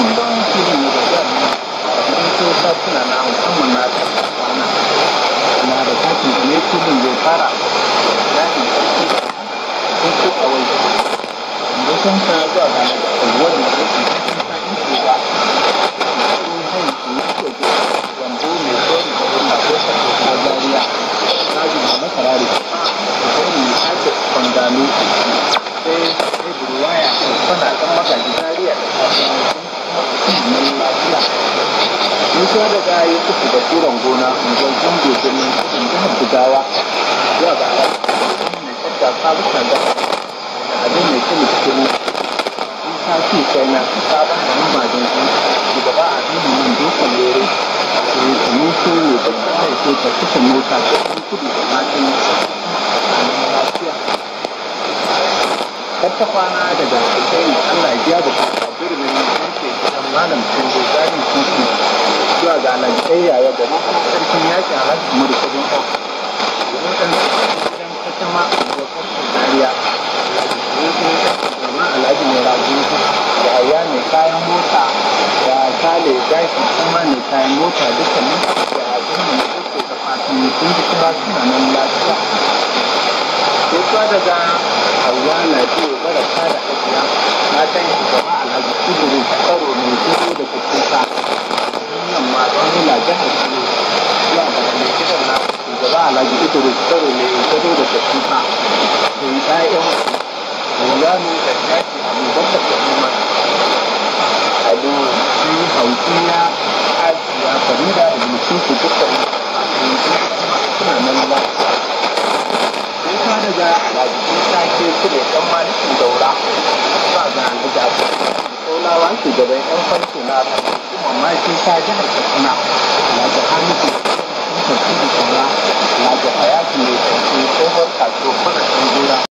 금방 기분이 되잖아요. 또 사투나 나온 선물 나왔다. na da da ne tudun zai fara yakin sarki da sun ko a wai da sun sa zuwa ga alwar da ke cikin sa'in ko ba da sun hanyar ko wando mai tsohon da wani ko sarki sha daga ya tafi da turan gona unguwar zango birnin kasan jihar jigawa zuwa ga alaƙa mai tsada sabon da abin mai kuma cikin ta tashi sai na su sabon da namba don su shugaba a cikin nan dokan lere su kuma su ne da kasar ke ta cikin mota ta kudu da matan lafiya. Tattafa kwana daga sai Allah ya biya alantayya ya gama sarkin yaƙi alhaji umaru kudin ƙofa domin kan gidan fatima da ƙofar dariya domin alhaji mai rajuku da haya mai kayan mota da kale gashi kuma mai kayan mota dukkanin da abin da mutu da fatan sun ji kira suna nan lafiya gaisuwa daga hawa lafiya baraka da ajiya matan shugaba alhaji kudu karo mai kudu da kusurta na jihar Kano ya da mai kiran na shugaba Alhaji Idris Karo ne ya fito da tafiya da yi ɗayan Rulanu da Jaki Abubakar da A Ado shi Hausiya Asiya Farida da Mutum su dukkan suna nan ba. Sai ka daga Alhaji ta ke su da ɗan malikin daura. shugaban 'yan farko na kuma mafi sa jihar katsina alhaji ta kuma kuma kuma alhaji ta mai tsohon kasuwar ta gora